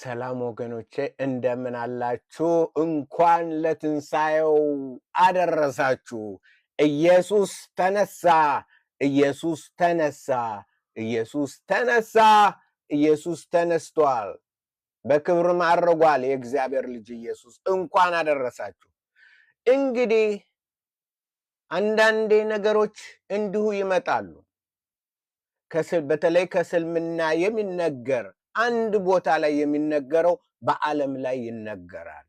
ሰላም ወገኖቼ እንደምን አላችሁ? እንኳን ለትንሣኤው አደረሳችሁ። ኢየሱስ ተነሳ፣ ኢየሱስ ተነሳ፣ ኢየሱስ ተነሳ፣ ኢየሱስ ተነስቷል፣ በክብር ማድረጓል። የእግዚአብሔር ልጅ ኢየሱስ እንኳን አደረሳችሁ። እንግዲህ አንዳንዴ ነገሮች እንዲሁ ይመጣሉ። በተለይ ከስልምና የሚነገር አንድ ቦታ ላይ የሚነገረው በዓለም ላይ ይነገራል።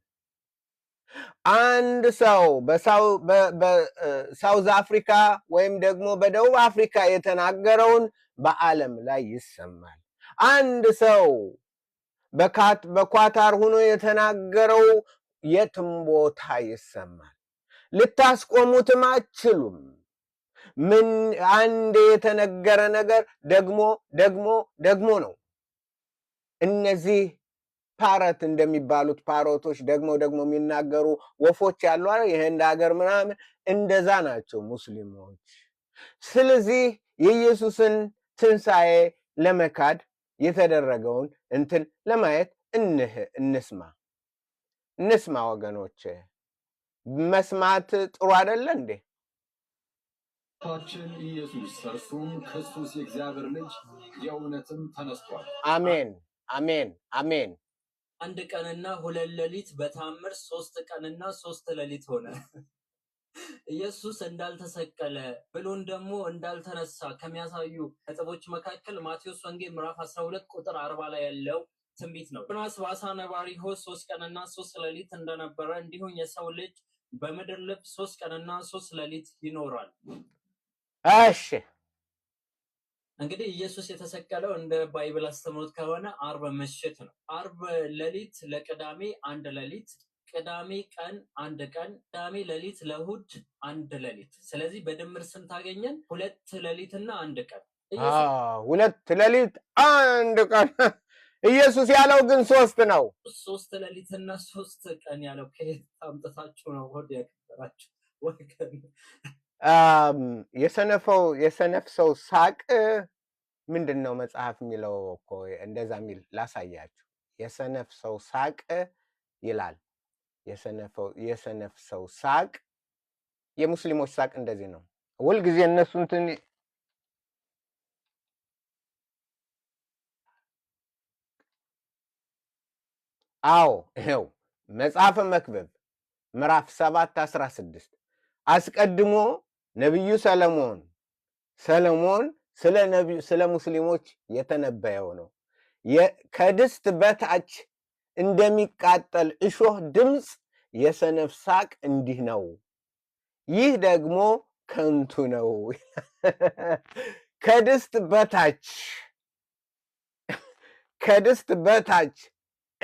አንድ ሰው በሳውዝ አፍሪካ ወይም ደግሞ በደቡብ አፍሪካ የተናገረውን በዓለም ላይ ይሰማል። አንድ ሰው በኳታር ሆኖ የተናገረው የትም ቦታ ይሰማል። ልታስቆሙትም አትችሉም። ምን አንድ የተነገረ ነገር ደግሞ ደግሞ ደግሞ ነው እነዚህ ፓረት እንደሚባሉት ፓሮቶች ደግሞ ደግሞ የሚናገሩ ወፎች ያሉ የህንድ ሀገር ምናምን እንደዛ ናቸው ሙስሊሞች። ስለዚህ የኢየሱስን ትንሣኤ ለመካድ የተደረገውን እንትን ለማየት እንህ እንስማ እንስማ ወገኖች፣ መስማት ጥሩ አይደለ እንዴ? ጌታችን ኢየሱስ እርሱም ክርስቶስ የእግዚአብሔር ልጅ የእውነትም ተነስቷል። አሜን። አሜን አሜን። አንድ ቀንና ሁለት ሌሊት በታምር ሶስት ቀንና ሶስት ሌሊት ሆነ። ኢየሱስ እንዳልተሰቀለ ብሎን ደግሞ እንዳልተነሳ ከሚያሳዩ ነጥቦች መካከል ማቴዎስ ወንጌል ምዕራፍ 12 ቁጥር 40 ላይ ያለው ትንቢት ነው። ዮናስ በአሳ ነባሪ ሆድ ሶስት ቀንና ሶስት ሌሊት እንደነበረ እንዲሁም የሰው ልጅ በምድር ልብ ሶስት ቀንና ሶስት ሌሊት ይኖራል። እሺ እንግዲህ ኢየሱስ የተሰቀለው እንደ ባይብል አስተምሮት ከሆነ አርብ ምሽት ነው። አርብ ሌሊት ለቅዳሜ አንድ ሌሊት፣ ቅዳሜ ቀን አንድ ቀን፣ ቅዳሜ ሌሊት ለእሑድ አንድ ሌሊት። ስለዚህ በድምር ስንት ታገኘን? ሁለት ሌሊትና አንድ ቀን። ሁለት ሌሊት አንድ ቀን። ኢየሱስ ያለው ግን ሶስት ነው። ሶስት ሌሊትና ሶስት ቀን ያለው ከየት አምጥታችሁ ነው ሆድ ያከበራችሁ ወገን? የሰነፈው የሰነፍ ሰው ሳቅ ምንድን ነው መጽሐፍ የሚለው እኮ እንደዛ የሚል ላሳያችሁ። የሰነፍ ሰው ሳቅ ይላል። የሰነፍ ሰው ሳቅ የሙስሊሞች ሳቅ እንደዚህ ነው። ሁልጊዜ እነሱ እንትን አዎ ይኸው መጽሐፈ መክብብ ምዕራፍ ሰባት አስራ ስድስት አስቀድሞ ነቢዩ ሰለሞን ሰለሞን ስለ ሙስሊሞች የተነበየው ነው። ከድስት በታች እንደሚቃጠል እሾህ ድምፅ የሰነፍ ሳቅ እንዲህ ነው፣ ይህ ደግሞ ከንቱ ነው። ከድስት በታች ከድስት በታች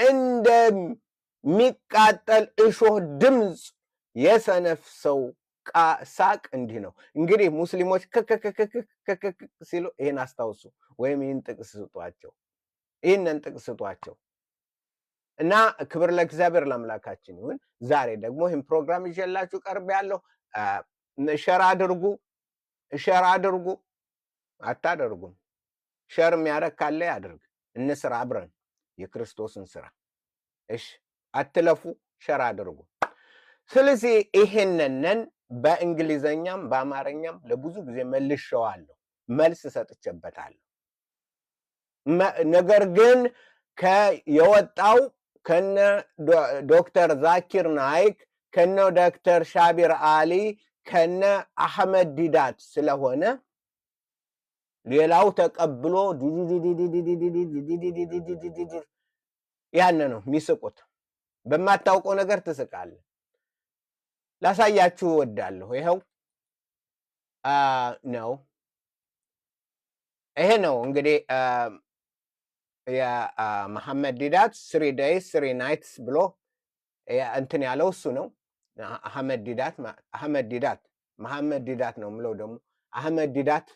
እንደሚቃጠል እሾህ ድምፅ የሰነፍ ሰው ቃ ሳቅ እንዲህ ነው እንግዲህ ሙስሊሞች ክክክክክክክ ሲሉ ይህን አስታውሱ፣ ወይም ይህን ጥቅስ ስጧቸው፣ ይህንን ጥቅስ ስጧቸው እና ክብር ለእግዚአብሔር ለአምላካችን ይሁን። ዛሬ ደግሞ ይህን ፕሮግራም ይዤላችሁ ቀርብ ያለው ሸር አድርጉ፣ ሸር አድርጉ። አታደርጉም? ሸር የሚያደርግ ካለ ያድርግ። እንስራ አብረን የክርስቶስን ስራ። እሽ አትለፉ፣ ሸር አድርጉ። ስለዚህ ይሄንንን በእንግሊዘኛም በአማርኛም ለብዙ ጊዜ መልሼዋለሁ፣ መልስ ሰጥቼበታለሁ። ነገር ግን የወጣው ከነ ዶክተር ዛኪር ናይክ ከነ ዶክተር ሻቢር አሊ ከነ አህመድ ዲዳት ስለሆነ ሌላው ተቀብሎ ያን ነው የሚስቁት። በማታውቀው ነገር ትስቃለህ። ላሳያችሁ እወዳለሁ። ይኸው ነው፣ ይሄ ነው እንግዲህ የመሐመድ ዲዳት ስሪ ደይስ ስሪ ናይትስ ብሎ እንትን ያለው እሱ ነው። አህመድ ዲዳት አህመድ ዲዳት መሐመድ ዲዳት ነው የምለው ደግሞ አህመድ ዲዳት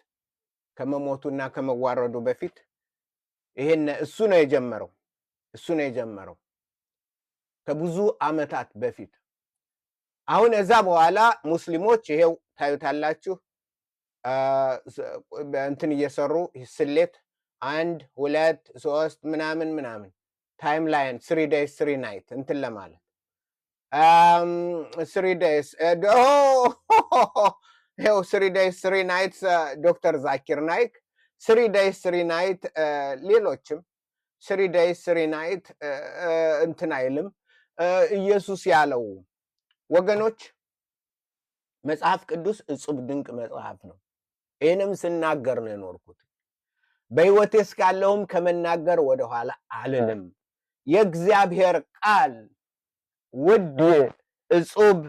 ከመሞቱና ከመዋረዱ በፊት ይሄን እሱ ነው የጀመረው እሱ ነው የጀመረው ከብዙ አመታት በፊት አሁን እዛ በኋላ ሙስሊሞች ይሄው ታዩታላችሁ እንትን እየሰሩ ስሌት አንድ ሁለት ሶስት ምናምን ምናምን ታይም ላይን ስሪ ደይስ ስሪ ናይት እንትን ለማለት ስሪ ደይስ ይኸው ስሪ ደይስ ስሪ ናይት ዶክተር ዛኪር ናይክ ስሪ ደይስ ስሪ ናይት ሌሎችም ስሪ ደይስ ስሪ ናይት እንትን አይልም ኢየሱስ ያለው ወገኖች መጽሐፍ ቅዱስ እጹብ ድንቅ መጽሐፍ ነው። ይህንም ስናገር ነው የኖርኩት። በሕይወቴ እስካለሁም ከመናገር ወደኋላ አልልም። የእግዚአብሔር ቃል ውድ እጹብ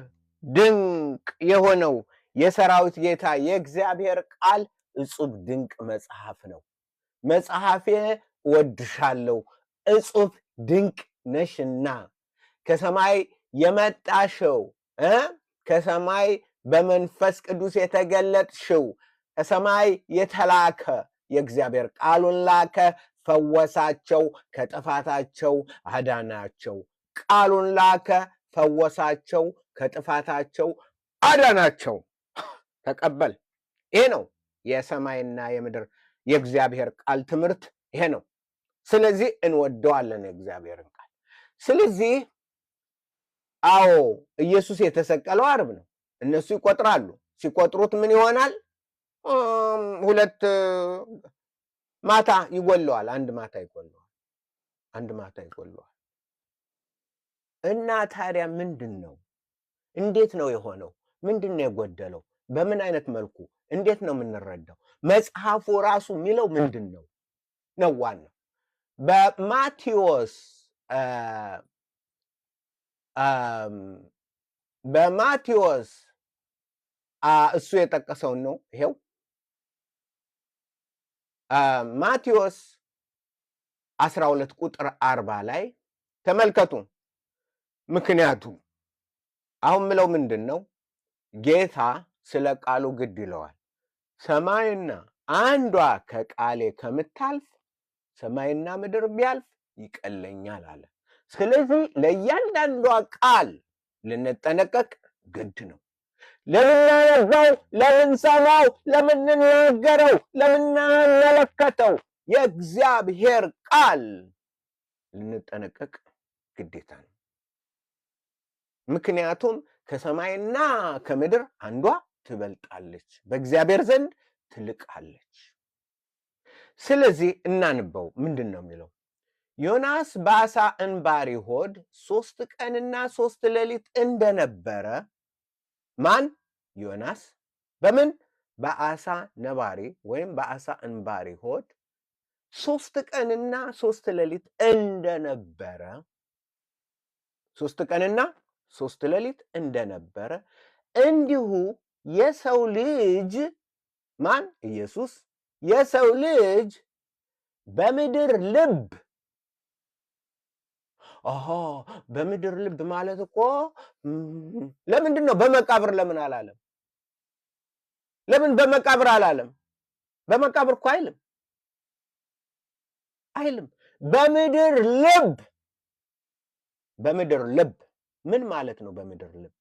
ድንቅ የሆነው የሰራዊት ጌታ የእግዚአብሔር ቃል እጹብ ድንቅ መጽሐፍ ነው። መጽሐፌ እወድሻለሁ እጹብ ድንቅ ነሽና ከሰማይ የመጣሸው ከሰማይ በመንፈስ ቅዱስ የተገለጥሽው ከሰማይ የተላከ የእግዚአብሔር ቃሉን ላከ፣ ፈወሳቸው፣ ከጥፋታቸው አዳናቸው። ቃሉን ላከ፣ ፈወሳቸው፣ ከጥፋታቸው አዳናቸው። ተቀበል። ይሄ ነው የሰማይና የምድር የእግዚአብሔር ቃል ትምህርት ይሄ ነው። ስለዚህ እንወደዋለን የእግዚአብሔርን ቃል ስለዚህ አዎ ኢየሱስ የተሰቀለው አርብ ነው። እነሱ ይቆጥራሉ። ሲቆጥሩት ምን ይሆናል? ሁለት ማታ ይጎለዋል። አንድ ማታ ይጎለዋል። አንድ ማታ ይጎለዋል። እና ታዲያ ምንድን ነው? እንዴት ነው የሆነው? ምንድን ነው የጎደለው? በምን አይነት መልኩ እንዴት ነው የምንረዳው? መጽሐፉ ራሱ የሚለው ምንድን ነው ነው ዋናው በማቴዎስ በማቴዎስ እሱ የጠቀሰውን ነው። ይሄው ማቴዎስ 12 ቁጥር 40 ላይ ተመልከቱ። ምክንያቱም አሁን ምለው ምንድን ነው ጌታ ስለ ቃሉ ግድ ይለዋል። ሰማይና አንዷ ከቃሌ ከምታልፍ ሰማይና ምድር ቢያልፍ ይቀለኛል አለ። ስለዚህ ለእያንዳንዷ ቃል ልንጠነቀቅ ግድ ነው። ለምናነባው፣ ለምንሰማው፣ ለምንናገረው፣ ለምናመለከተው የእግዚአብሔር ቃል ልንጠነቀቅ ግዴታ ነው። ምክንያቱም ከሰማይና ከምድር አንዷ ትበልጣለች፣ በእግዚአብሔር ዘንድ ትልቃለች። ስለዚህ እናንበው። ምንድን ነው የሚለው? ዮናስ በአሳ እንባሪ ሆድ ሶስት ቀንና ሶስት ሌሊት እንደነበረ ማን ዮናስ በምን በአሳ ነባሪ ወይም በአሳ እንባሪ ሆድ ሶስት ቀንና ሶስት ሌሊት እንደነበረ ሶስት ቀንና ሶስት ሌሊት እንደነበረ እንዲሁ የሰው ልጅ ማን ኢየሱስ የሰው ልጅ በምድር ልብ አሀ በምድር ልብ ማለት እኮ ለምንድን ነው በመቃብር ለምን አላለም? ለምን በመቃብር አላለም? በመቃብር እኮ አይልም አይልም። በምድር ልብ በምድር ልብ ምን ማለት ነው? በምድር ልብ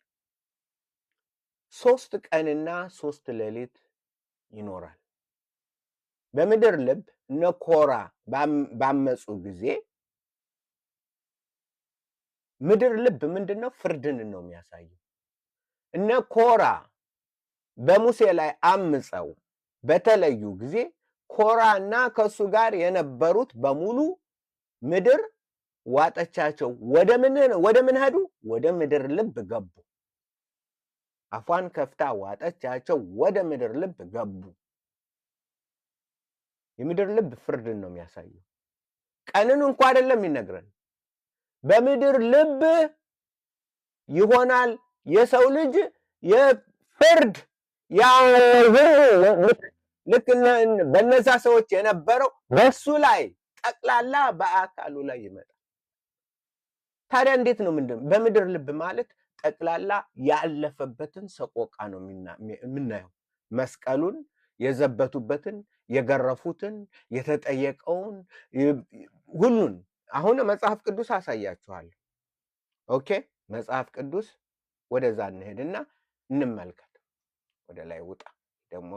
ሶስት ቀንና ሶስት ሌሊት ይኖራል። በምድር ልብ እነ ኮራ ባመፁ ጊዜ ምድር ልብ ምንድን ነው? ፍርድን ነው የሚያሳየው። እነ ኮራ በሙሴ ላይ አምፀው በተለዩ ጊዜ ኮራ እና ከሱ ጋር የነበሩት በሙሉ ምድር ዋጠቻቸው። ወደ ምን ሄዱ? ወደ ምድር ልብ ገቡ። አፏን ከፍታ ዋጠቻቸው፣ ወደ ምድር ልብ ገቡ። የምድር ልብ ፍርድን ነው የሚያሳየው። ቀንን እንኳ አይደለም ይነግረን በምድር ልብ ይሆናል የሰው ልጅ የፍርድ ልክ በነዛ ሰዎች የነበረው በሱ ላይ ጠቅላላ በአካሉ ላይ ይመጣል። ታዲያ እንዴት ነው? ምንድን በምድር ልብ ማለት ጠቅላላ ያለፈበትን ሰቆቃ ነው የምናየው። መስቀሉን የዘበቱበትን፣ የገረፉትን፣ የተጠየቀውን ሁሉን አሁን መጽሐፍ ቅዱስ አሳያችኋለሁ። ኦኬ መጽሐፍ ቅዱስ ወደዛ እንሄድና እንመልከት። ወደ ላይ ውጣ ደግሞ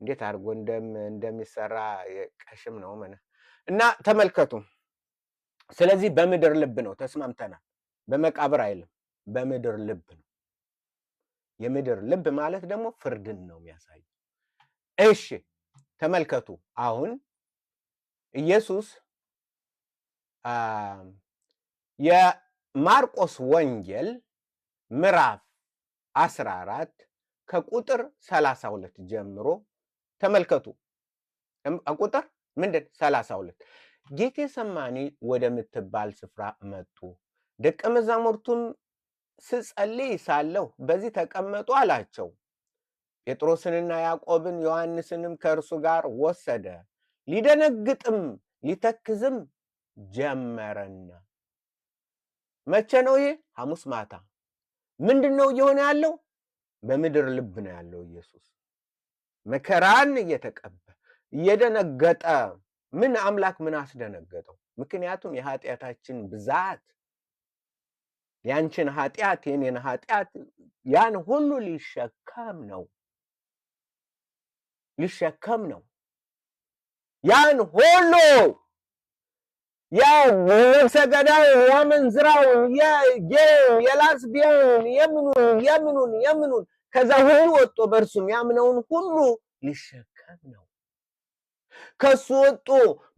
እንዴት አድርጎ እንደሚሰራ ቀሽም ነው ምና እና ተመልከቱ። ስለዚህ በምድር ልብ ነው ተስማምተናል። በመቃብር አይልም፣ በምድር ልብ ነው። የምድር ልብ ማለት ደግሞ ፍርድን ነው የሚያሳየው። እሺ ተመልከቱ አሁን ኢየሱስ የማርቆስ ወንጌል ምዕራፍ 14 ከቁጥር 32 ጀምሮ ተመልከቱ። ቁጥር ምንድን 32 ጌቴ ሰማኒ ወደምትባል ስፍራ መጡ። ደቀ መዛሙርቱም ስጸልይ ሳለሁ በዚህ ተቀመጡ አላቸው። ጴጥሮስንና ያዕቆብን ዮሐንስንም ከእርሱ ጋር ወሰደ። ሊደነግጥም ሊተክዝም ጀመረና መቼ ነው ይሄ? ሐሙስ ማታ። ምንድን ነው እየሆነ ያለው? በምድር ልብ ነው ያለው ኢየሱስ መከራን እየተቀበ እየደነገጠ። ምን አምላክ ምን አስደነገጠው? ምክንያቱም የኃጢአታችን ብዛት ያንችን ኃጢአት የኔን ኃጢአት ያን ሁሉ ሊሸከም ነው ሊሸከም ነው ያን ሁሉ ያው ነፍሰ ገዳይ የምንዝራው የጌው የላስቢያውን የምኑን የምኑን የምኑን ከዛ ሁሉ ወጦ በእርሱ የሚያምነውን ሁሉ ሊሸከም ነው። ከሱ ወጦ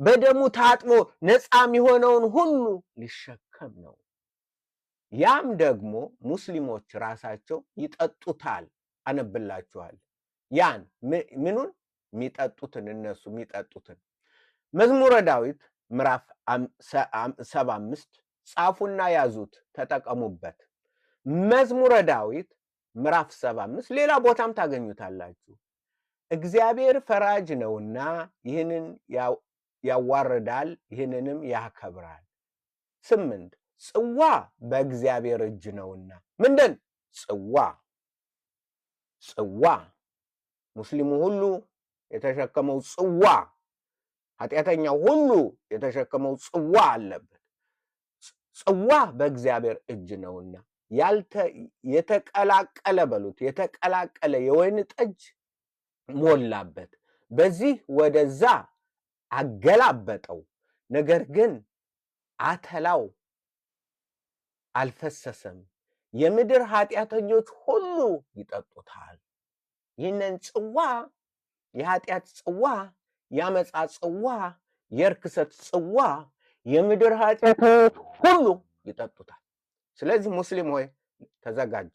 በደሙ ታጥቦ ነፃ የሚሆነውን ሁሉ ሊሸከም ነው። ያም ደግሞ ሙስሊሞች ራሳቸው ይጠጡታል። አነብላችኋል። ያን ምኑን የሚጠጡትን እነሱ የሚጠጡትን መዝሙረ ዳዊት ምዕራፍ ሰባ አምስት ጻፉና ያዙት ተጠቀሙበት። መዝሙረ ዳዊት ምዕራፍ ሰባ አምስት ሌላ ቦታም ታገኙታላችሁ። እግዚአብሔር ፈራጅ ነውና ይህንን ያዋርዳል፣ ይህንንም ያከብራል። ስምንት ጽዋ በእግዚአብሔር እጅ ነውና ምንድን ጽዋ ጽዋ ሙስሊሙ ሁሉ የተሸከመው ጽዋ ኃጢአተኛው ሁሉ የተሸከመው ጽዋ አለበት። ጽዋ በእግዚአብሔር እጅ ነውና የተቀላቀለ በሉት የተቀላቀለ የወይን ጠጅ ሞላበት። በዚህ ወደዛ አገላበጠው። ነገር ግን አተላው አልፈሰሰም። የምድር ኃጢአተኞች ሁሉ ይጠጡታል። ይህንን ጽዋ የኃጢአት ጽዋ ያመፃ ጽዋ፣ የርክሰት ጽዋ፣ የምድር ኃጢአቶች ሁሉ ይጠጡታል። ስለዚህ ሙስሊም ሆይ ተዘጋጅ።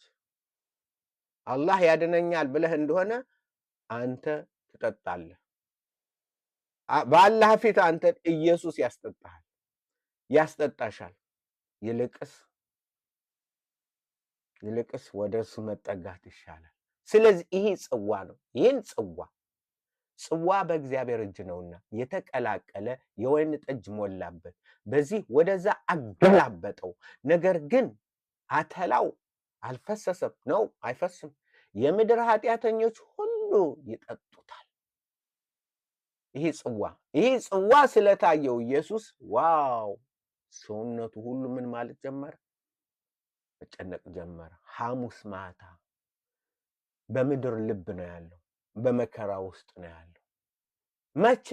አላህ ያድነኛል ብለህ እንደሆነ አንተ ትጠጣለህ። በአላህ ፊት አንተ ኢየሱስ ያስጠጣሃል፣ ያስጠጣሻል። ይልቅስ ይልቅስ ወደ እሱ መጠጋት ይሻላል። ስለዚህ ይህ ጽዋ ነው። ይህን ጽዋ ጽዋ በእግዚአብሔር እጅ ነውና የተቀላቀለ የወይን ጠጅ ሞላበት፣ በዚህ ወደዛ አገላበጠው። ነገር ግን አተላው አልፈሰሰም ነው አይፈስም። የምድር ኃጢአተኞች ሁሉ ይጠጡታል። ይሄ ጽዋ ይህ ጽዋ ስለታየው ኢየሱስ ዋው! ሰውነቱ ሁሉ ምን ማለት ጀመረ? መጨነቅ ጀመረ። ሐሙስ ማታ በምድር ልብ ነው ያለው። በመከራ ውስጥ ነው ያለው። መቼ?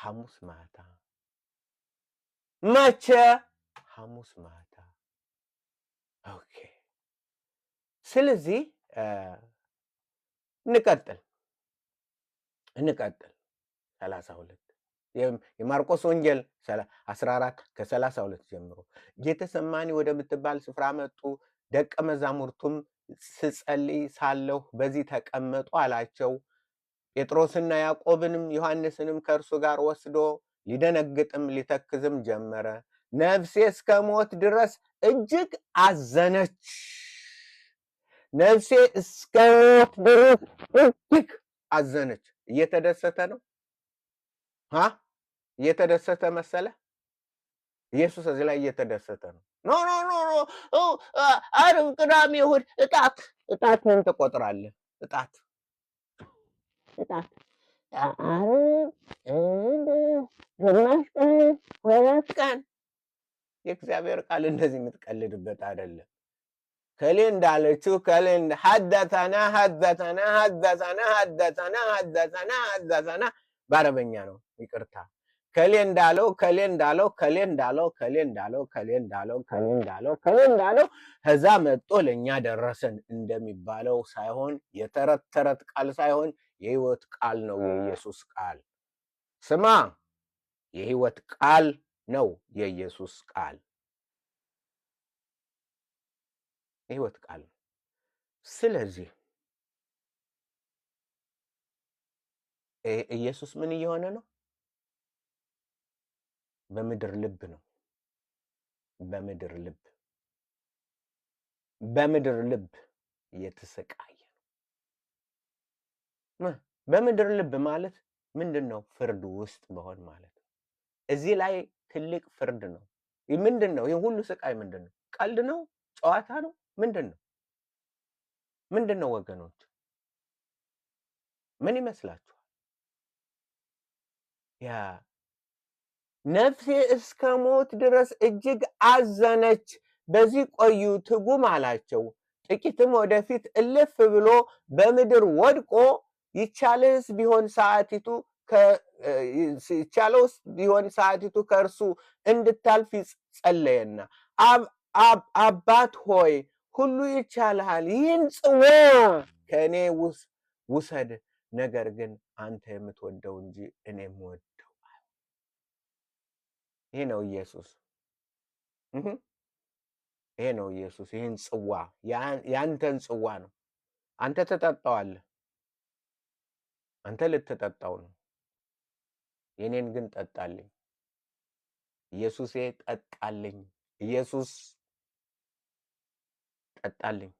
ሐሙስ ማታ። መቼ? ሐሙስ ማታ። ኦኬ። ስለዚህ እንቀጥል እንቀጥል። ሰላሳ የማርቆስ ወንጌል 14 ከ32 ጀምሮ ጌተሰማኒ ወደምትባል ስፍራ መጡ። ደቀ መዛሙርቱም ስጸልይ ሳለሁ በዚህ ተቀመጡ አላቸው። ጴጥሮስና ያዕቆብንም ዮሐንስንም ከእርሱ ጋር ወስዶ ሊደነግጥም ሊተክዝም ጀመረ። ነፍሴ እስከ ሞት ድረስ እጅግ አዘነች። ነፍሴ እስከ ሞት ድረስ እጅግ አዘነች። እየተደሰተ ነው። እየተደሰተ መሰለ ኢየሱስ እዚህ ላይ እየተደሰተ ነው። ኖ ኖ ኖ ኖ አርብ፣ ቅዳሜ፣ እሑድ እጣት እጣትን ትቆጥራለህ። እጣት እጣት አርብ፣ ግማሽ ቀን፣ ሁለት ቀን የእግዚአብሔር ቃል እንደዚህ የምትቀልድበት አይደለም። ከሌ እንዳለችው ከሌ ሀዳታና ሀዳታና ሀዳታና ሀዳታና ሀዳታና ሀዳታና በአረበኛ ነው። ይቅርታ ከሌ እንዳለው ከሌ እንዳለው ከሌ እንዳለው ከሌ እንዳለው ከሌ እንዳለው ከሌ እንዳለው ከሌ እንዳለው ከዛ መጦ ለእኛ ደረሰን እንደሚባለው ሳይሆን የተረት ተረት ቃል ሳይሆን የህይወት ቃል ነው። የኢየሱስ ቃል ስማ፣ የህይወት ቃል ነው። የኢየሱስ ቃል የህይወት ቃል ነው። ስለዚህ ኢየሱስ ምን እየሆነ ነው? በምድር ልብ ነው። በምድር ልብ በምድር ልብ የተሰቃየ ነው። በምድር ልብ ማለት ምንድን ነው? ፍርድ ውስጥ መሆን ማለት ነው። እዚህ ላይ ትልቅ ፍርድ ነው። ምንድን ነው? ይህ ሁሉ ስቃይ ምንድን ነው? ቀልድ ነው? ጨዋታ ነው? ምንድን ነው? ምንድን ነው? ወገኖች ምን ይመስላችኋል? ያ ነፍሴ እስከ ሞት ድረስ እጅግ አዘነች። በዚህ ቆዩ ትጉም አላቸው። ጥቂትም ወደፊት እልፍ ብሎ በምድር ወድቆ ይቻልስ ቢሆን ሰዓቲቱ ይቻለውስ ቢሆን ሰዓቲቱ ከእርሱ እንድታልፍ ጸለየና፣ አባት ሆይ ሁሉ ይቻልሃል፣ ይህን ጽዋ ከእኔ ውሰድ፣ ነገር ግን አንተ የምትወደው እንጂ እኔ የምወድ ይሄ ነው ኢየሱስ፣ ይሄ ነው ኢየሱስ። ይህን ጽዋ የአንተን ጽዋ ነው። አንተ ትጠጣዋለህ፣ አንተ ልትጠጣው ነው። የኔን ግን ጠጣልኝ ኢየሱሴ፣ ጠጣልኝ ኢየሱስ፣ ጠጣልኝ።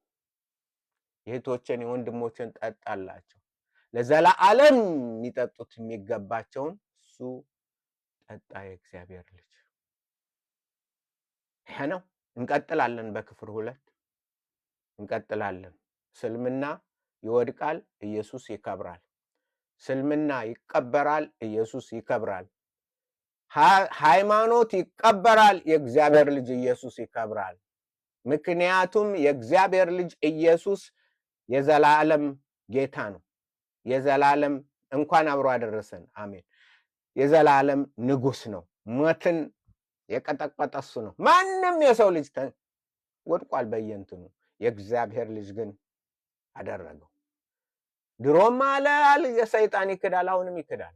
የእህቶችን የወንድሞችን ጠጣላቸው ለዘላለም የሚጠጡት የሚገባቸውን እሱ ጠጣ የእግዚአብሔር ልጅ። ይሄ ነው። እንቀጥላለን በክፍል ሁለት እንቀጥላለን። ስልምና ይወድቃል፣ ኢየሱስ ይከብራል። ስልምና ይቀበራል፣ ኢየሱስ ይከብራል። ሃይማኖት ይቀበራል፣ የእግዚአብሔር ልጅ ኢየሱስ ይከብራል። ምክንያቱም የእግዚአብሔር ልጅ ኢየሱስ የዘላለም ጌታ ነው። የዘላለም እንኳን አብሮ አደረሰን። አሜን። የዘላለም ንጉስ ነው። ሞትን የቀጠቀጠ እሱ ነው። ማንም የሰው ልጅ ወድቋል በየንትኑ የእግዚአብሔር ልጅ ግን አደረገው። ድሮም አለ አል የሰይጣን ይክዳል፣ አሁንም ይክዳል።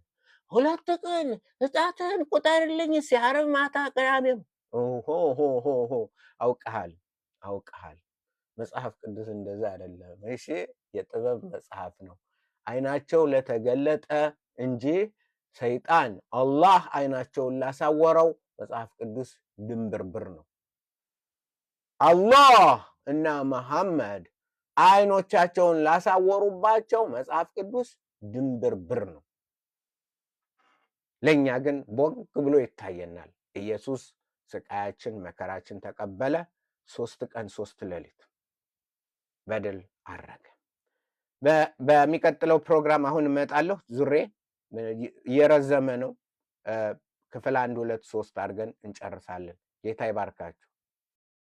ሁለት ቀን እጣትህን ቁጠርልኝ ሲያርብ ማታ ቅዳሜም ሆሆሆሆ አውቀሃል አውቀሃል። መጽሐፍ ቅዱስ እንደዛ አይደለም። እሺ የጥበብ መጽሐፍ ነው። አይናቸው ለተገለጠ እንጂ ሰይጣን አላህ አይናቸውን ላሳወረው መጽሐፍ ቅዱስ ድንብርብር ነው። አላህ እና መሐመድ አይኖቻቸውን ላሳወሩባቸው መጽሐፍ ቅዱስ ድንብርብር ነው። ለእኛ ግን ቦግ ብሎ ይታየናል። ኢየሱስ ስቃያችን መከራችን ተቀበለ። ሶስት ቀን ሶስት ሌሊት በድል አረገ። በሚቀጥለው ፕሮግራም አሁን እመጣለሁ ዙሬ እየረዘመ ነው። ክፍል አንድ ሁለት ሶስት አድርገን እንጨርሳለን። ጌታ ይባርካችሁ።